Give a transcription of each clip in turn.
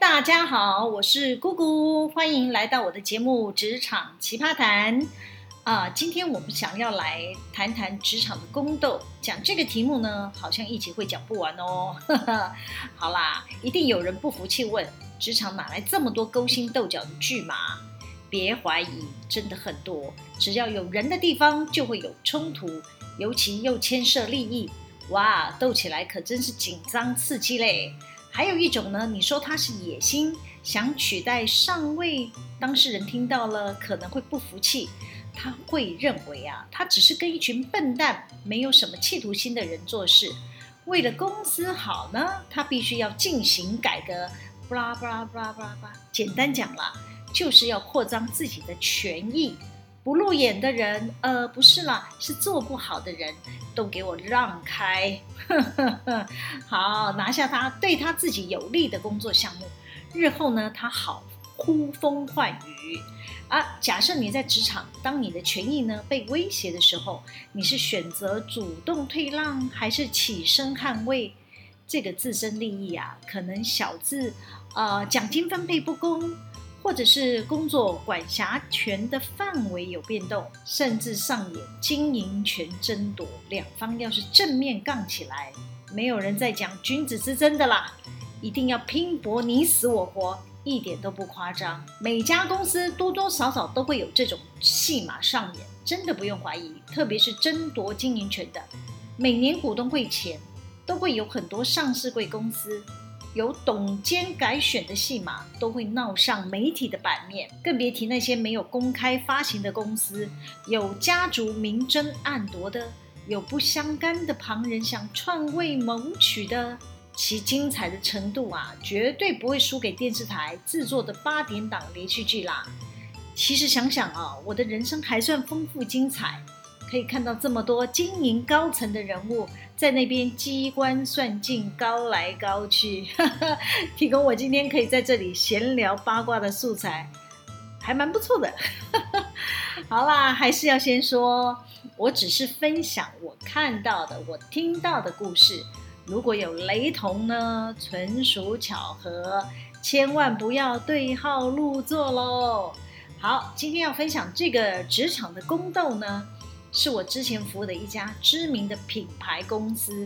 大家好，我是 Gugu，歡迎來到我的節目《職場奇葩談》啊、呃！今天我們想要來談談職場的宮鬥，講這個題目呢，好像一集會講不完哦。 好啦，一定有人不服氣問：職場哪來這麼多勾心鬥角的劇碼？別懷疑，真的很多。只要有人的地方就會有衝突，尤其又牽涉利益，哇，鬥起來可真是緊張刺激嘞！還有一種呢，你說他是野心，想取代上位，當事人聽到了可能會不服氣，他會認為啊，他只是跟一群笨蛋、沒有什麼企圖心的人做事，為了公司好呢，他必須要進行改革，布拉布拉布拉布拉，簡單講啦，就是要擴張自己的權益。不入眼的人，呃，不是啦，是做不好的人都給我讓開。 好，拿下他，對他自己有利的工作項目，日後呢，他好呼風喚雨。啊，假設你在職場，當你的權益呢被威脅的時候，你是選擇主動退讓，還是起身捍衛這個自身利益啊？可能小字，呃，獎金分配不公。或者是工作管轄權的範圍有變動，甚至上演經營權爭奪，兩方要是正面槓起來，沒有人在講君子之爭的啦，一定要拼搏你死我活，一點都不誇張。每家公司多多少少都會有這種戲碼上演，真的不用懷疑。特別是爭奪經營權的，每年股東會前都會有很多上市櫃公司。有董監改選的戲碼都會鬧上媒體的版面，更別提那些沒有公開發行的公司，有家族明爭暗奪的，有不相干的旁人想篡位謀取的，其精彩的程度啊，絕對不會輸給電視台製作的八點檔連續劇啦。其實想想啊、哦，我的人生還算豐富精彩。可以看到這麼多經營高層的人物在那邊機關算盡，高來高去呵呵，提供我今天可以在這裡閒聊八卦的素材，還蠻不錯的呵呵。好啦，還是要先說，我只是分享我看到的、我聽到的故事，如果有雷同呢，純屬巧合，千萬不要對號入座嘍。好，今天要分享這個職場的宮鬥呢，是我之前服務的一家知名的品牌公司，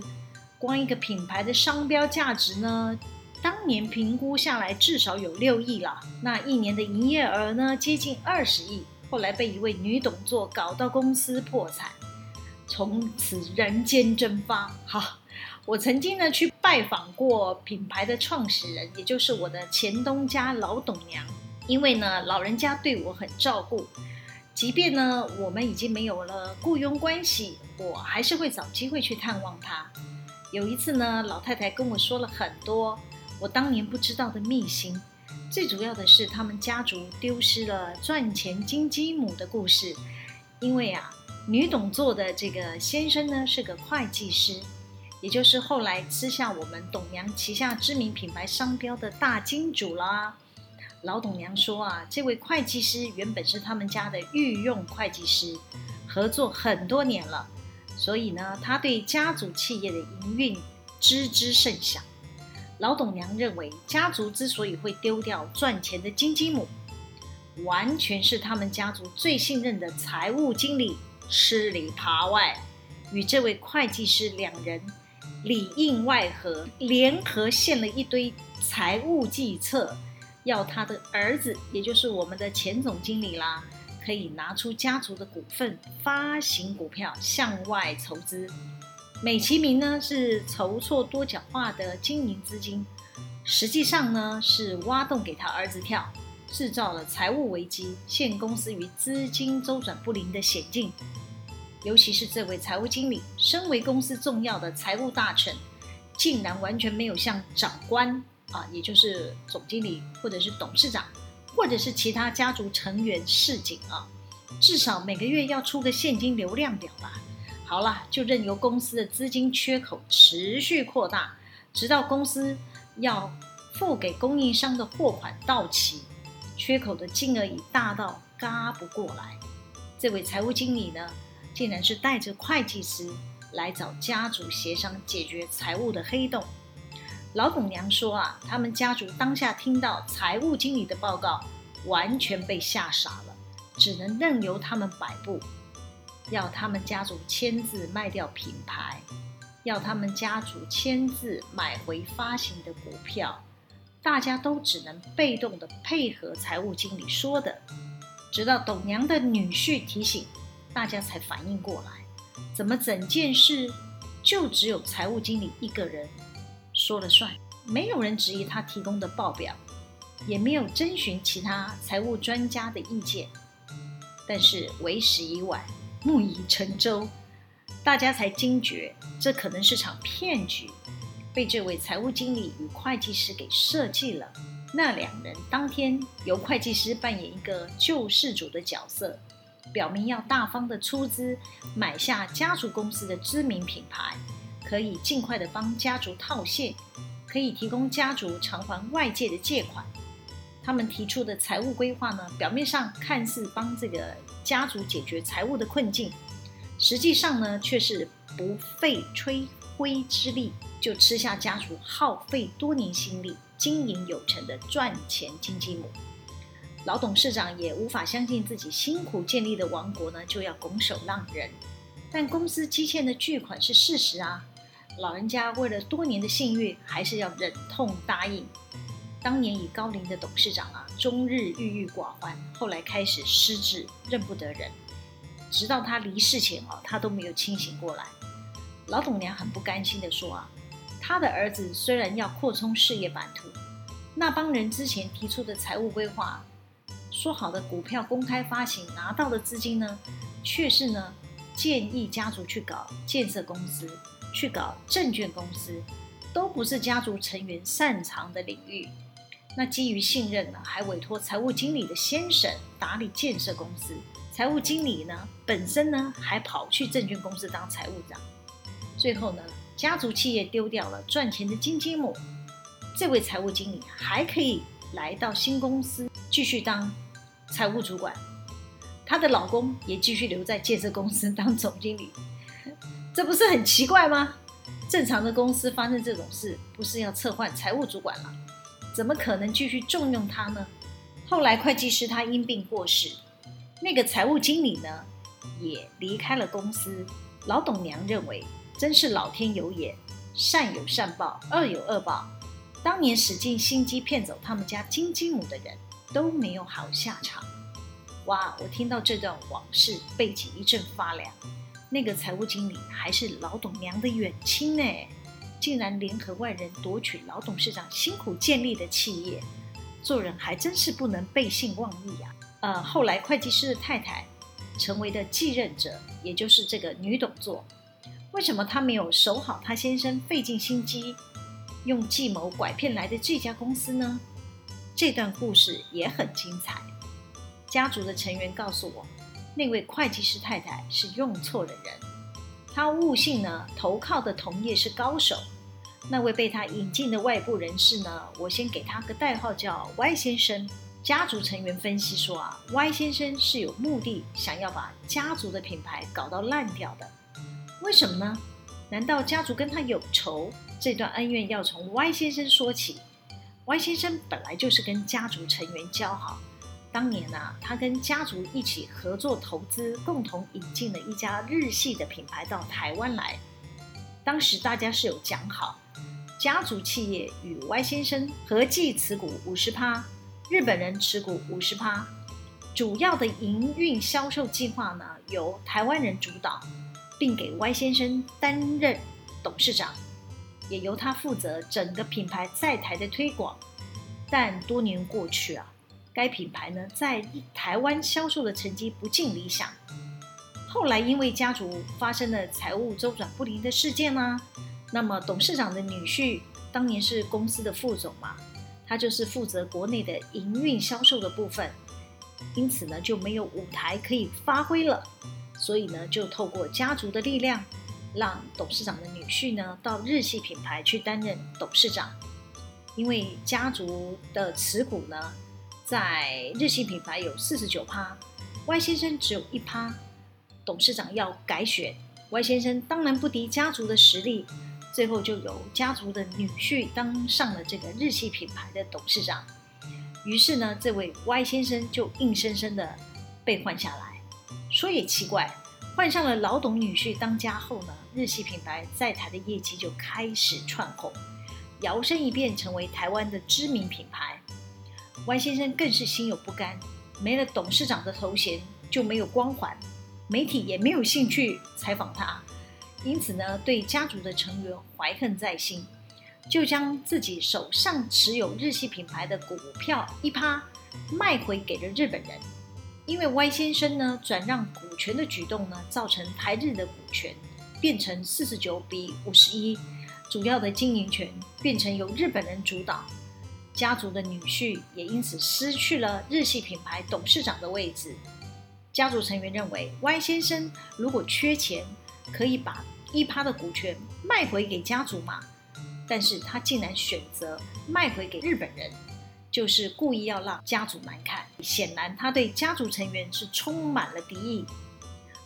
光一個品牌的商標價值呢，當年評估下來至少有六億了。那一年的營業額呢，接近二十億。後來被一位女董座搞到公司破產，從此人間蒸發。哈，我曾經呢去拜訪過品牌的創始人，也就是我的前東家老董娘，因為呢老人家對我很照顧。即便呢，我們已經沒有了雇傭關係，我還是會找機會去探望他。有一次呢，老太太跟我說了很多我當年不知道的秘辛，最主要的是他們家族丟失了賺錢金雞母的故事。因為啊，女董座的這個先生呢是個會計師，也就是後來吃下我們董娘旗下知名品牌商標的大金主啦。老董娘說：“啊，這位會計師原本是他們家的御用會計師，合作很多年了，所以呢，他對家族企業的營運知之甚詳。老董娘認為，家族之所以會丟掉賺錢的金雞母，完全是他們家族最信任的財務經理吃裡扒外，與這位會計師兩人裡應外合，聯合獻了一堆財務計策。”要他的兒子，也就是我們的前總經理啦，可以拿出家族的股份發行股票，向外籌資。美其名呢是籌措多角化的經營資金，實際上呢是挖洞給他兒子跳，製造了財務危機，陷公司於資金周轉不靈的險境。尤其是這位財務經理，身為公司重要的財務大臣，竟然完全沒有向長官。啊，也就是總經理或者是董事長，或者是其他家族成員示警啊，至少每個月要出個現金流量表吧。好了，就任由公司的資金缺口持續擴大，直到公司要付給供應商的貨款到期，缺口的金額已大到嘎不過來。這位財務經理呢，竟然是帶着會計師來找家族協商解決財務的黑洞。老董娘說：“啊，他們家族當下聽到財務經理的報告，完全被嚇傻了，只能任由他們擺布，要他們家族簽字賣掉品牌，要他們家族簽字買回發行的股票，大家都只能被動地配合財務經理說的。直到董娘的女婿提醒，大家才反應過來，怎麼整件事就只有財務經理一個人。”說了算，沒有人質疑他提供的報表，也沒有徵詢其他財務專家的意見。但是為時已晚，木已成舟，大家才驚覺這可能是場騙局，被這位財務經理與會計師給設計了。那兩人當天由會計師扮演一個救世主的角色，表明要大方地出資買下家族公司的知名品牌。可以儘快地幫家族套現，可以提供家族償還外界的借款。他們提出的財務規劃呢，表面上看似幫這個家族解決財務的困境，實際上呢，卻是不費吹灰之力就吃下家族耗費多年心力經營有成的賺錢金雞母。老董事長也無法相信自己辛苦建立的王國呢，就要拱手讓人。但公司積欠的鉅款是事實啊。老人家為了多年的信譽，還是要忍痛答應。當年已高齡的董事長啊，終日鬱鬱寡歡，後來開始失智，認不得人。直到他離世前啊，他都沒有清醒過來。老董娘很不甘心地說：“啊，他的兒子雖然要擴充事業版圖，那幫人之前提出的財務規劃，說好的股票公開發行拿到的資金呢，卻是呢建議家族去搞建設公司。”去搞證券公司，都不是家族成員擅長的領域。那基於信任呢，還委托財務經理的先生打理建設公司。財務經理呢，本身呢還跑去證券公司當財務長。最後呢，家族企業丟掉了賺錢的金雞母。這位財務經理還可以來到新公司繼續當財務主管，她的老公也繼續留在建設公司當總經理。這不是很奇怪嗎？正常的公司發生這種事，不是要撤換財務主管了？啊？怎麼可能繼續重用他呢？後來會計師他因病過世，那個財務經理呢，也離開了公司。老董娘認為，真是老天有眼，善有善報，惡有惡報。當年使盡心機騙走他們家金雞母的人都沒有好下場。哇，我聽到這段往事，背脊一陣發涼。那個財務經理還是老董娘的遠親呢，竟然聯合外人奪取老董事長辛苦建立的企業，做人還真是不能背信忘義呀、啊！呃，後來會計師的太太成為了繼任者，也就是這個女董座，為什麼她沒有守好她先生費盡心機用計謀拐騙來的這家公司呢？這段故事也很精彩，家族的成員告訴我。那位會計師太太是用錯了人，她誤信呢，投靠的同業是高手。那位被她引進的外部人士呢，我先給她個代號叫 Y 先生。家族成員分析說啊，Y 先生是有目的，想要把家族的品牌搞到爛掉的。為什麼呢？難道家族跟他有仇？這段恩怨要從 Y 先生說起。Y 先生本來就是跟家族成員交好。當年啊，他跟家族一起合作投資，共同引進了一家日系的品牌到台灣來。當時大家是有講好，家族企業與 Y 先生合計持股五十趴，日本人持股五十趴，主要的營運銷售計劃呢，由台灣人主導，並給 Y 先生擔任董事長，也由他負責整個品牌在台的推廣。但多年過去啊。該品牌呢，在台灣銷售的成績不盡理想。後來因為家族發生了財務周轉不靈的事件呢、啊，那麼董事長的女婿當年是公司的副總嘛，他就是負責國內的營運銷售的部分，因此呢就沒有舞台可以發揮了，所以呢就透過家族的力量，讓董事長的女婿呢到日系品牌去擔任董事長，因為家族的持股呢。在日系品牌有四十九趴，Y 先生只有一趴，董事長要改選，Y 先生當然不敵家族的實力，最後就由家族的女婿當上了這個日系品牌的董事長。於是呢，這位 Y 先生就硬生生的被換下來。說也奇怪，換上了老董女婿當家後呢，日系品牌在台的業績就開始竄紅，搖身一變成為台灣的知名品牌。Y 先生更是心有不甘，沒了董事長的頭銜就沒有光環，媒體也沒有興趣採訪他，因此呢，對家族的成員懷恨在心，就將自己手上持有日系品牌的股票一趴賣回給了日本人。因為 Y 先生呢，轉讓股權的舉動呢，造成台日的股權變成四十九比五十一，主要的經營權變成由日本人主導。家族的女婿也因此失去了日系品牌董事長的位置。家族成員認為，Y 先生如果缺錢，可以把一趴的股權賣回給家族嘛，但是他竟然選擇賣回給日本人，就是故意要讓家族難看。顯然，他對家族成員是充滿了敵意。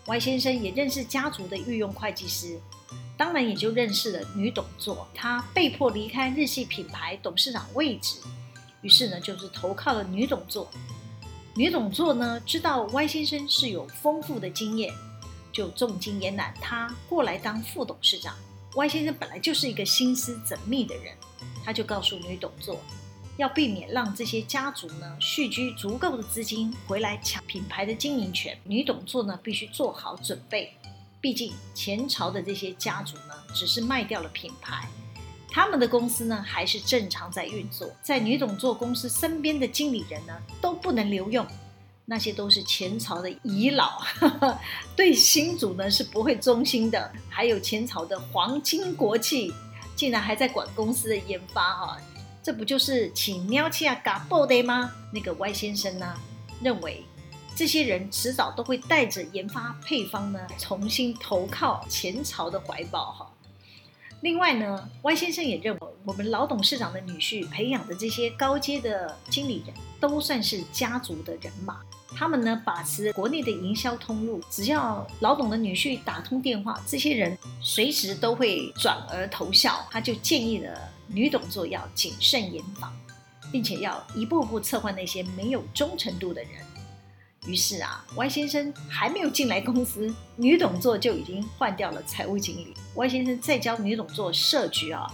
Y 先生也認識家族的御用會計師，當然也就認識了女董座。他被迫離開日系品牌董事長位置，於是呢，就是投靠了女董座。女董座呢，知道 Y 先生是有豐富的經驗，就重金延攬他過來當副董事長。Y 先生本來就是一個心思縝密的人，他就告訴女董座。要避免讓這些家族呢蓄積足夠的資金回來搶品牌的經營權，女董座呢必須做好準備。畢竟前朝的這些家族呢只是賣掉了品牌，他們的公司呢還是正常在運作。在女董座公司身邊的經理人呢都不能留用，那些都是前朝的遺老，呵呵，對新主呢是不會忠心的。還有前朝的皇親國戚竟然還在管公司的研發哈哦。這不就是請喵氣啊嘎爆的嗎？那個歪先生呢，認為這些人遲早都會帶着研發配方呢，重新投靠前朝的懷抱哈。另外呢，歪先生也認為，我們老董事長的女婿培養的這些高階的經理人都算是家族的人馬，他們呢把持國內的營銷通路，只要老董的女婿打通電話，這些人隨時都會轉而投效。他就建議了。女董座要謹慎嚴防，並且要一步步策劃那些沒有忠誠度的人。於是啊，歪先生還沒有進來公司，女董座就已經換掉了財務經理。歪先生在教女董座設局啊。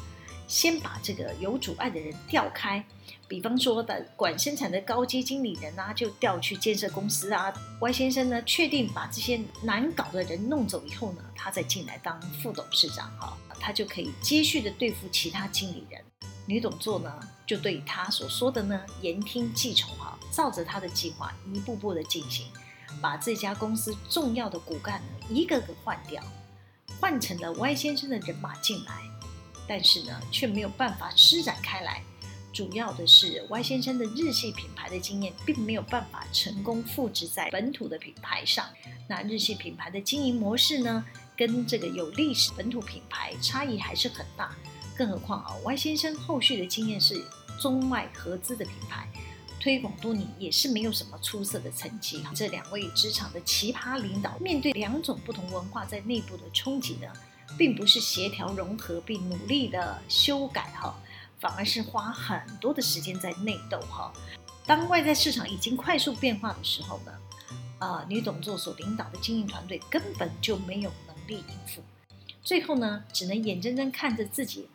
先把這個有阻礙的人調開，比方說的管生產的高級經理人吶、啊，就調去建設公司啊。Y 先生呢，確定把這些難搞的人弄走以後呢，他再進來當副董事長哈，他就可以繼續的對付其他經理人。女董座呢，就對他所說的呢言聽計從哈，照着他的計劃一步步的進行，把這家公司重要的骨幹呢一個個換掉，換成了 Y 先生的人馬進來。但是呢，卻沒有辦法施展開來。主要的是，Y 先生的日系品牌的經驗，並沒有辦法成功複製在本土的品牌上。那日系品牌的經營模式呢，跟這個有歷史本土品牌差異還是很大。更何況啊，Y 先生後續的經驗是中外合資的品牌，推廣多年也是沒有什麼出色的成績。這兩位職場的奇葩領導，面對兩種不同文化在內部的衝擊呢，並不是協調融合並努力的修改哈，反而是花很多的時間在內鬥哈。當外在市場已經快速變化的時候呢，啊、呃，女董座所領導的經營團隊根本就沒有能力應付，最後呢，只能眼睜睜看着自己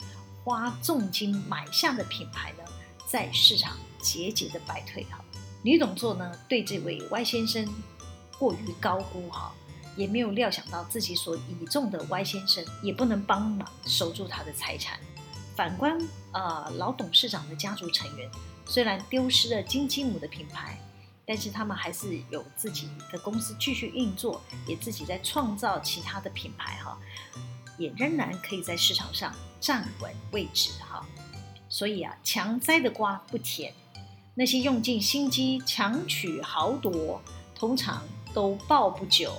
花重金買下的品牌呢，在市場節節的敗退哈。女董座呢，對這位歪先生過於高估哈。也沒有料想到自己所倚重的歪先生也不能幫忙守住他的財產。反觀啊、呃，老董事長的家族成員，雖然丟失了金雞母的品牌，但是他們還是有自己的公司繼續運作，也自己在創造其他的品牌哈，也仍然可以在市場上站穩位置哈。所以啊，強摘的瓜不甜，那些用盡心機強取豪奪，通常都抱不久。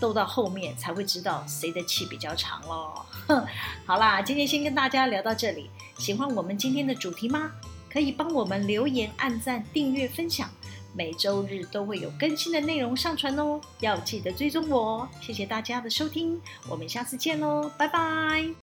鬥到後面才會知道誰的氣比較長嘍。好啦，今天先跟大家聊到這裡。喜歡我們今天的主題嗎？可以幫我們留言、按讚、訂閱、分享。每週日都會有更新的內容上傳哦，要記得追蹤我哦。謝謝大家的收聽，我們下次見嘍，拜拜。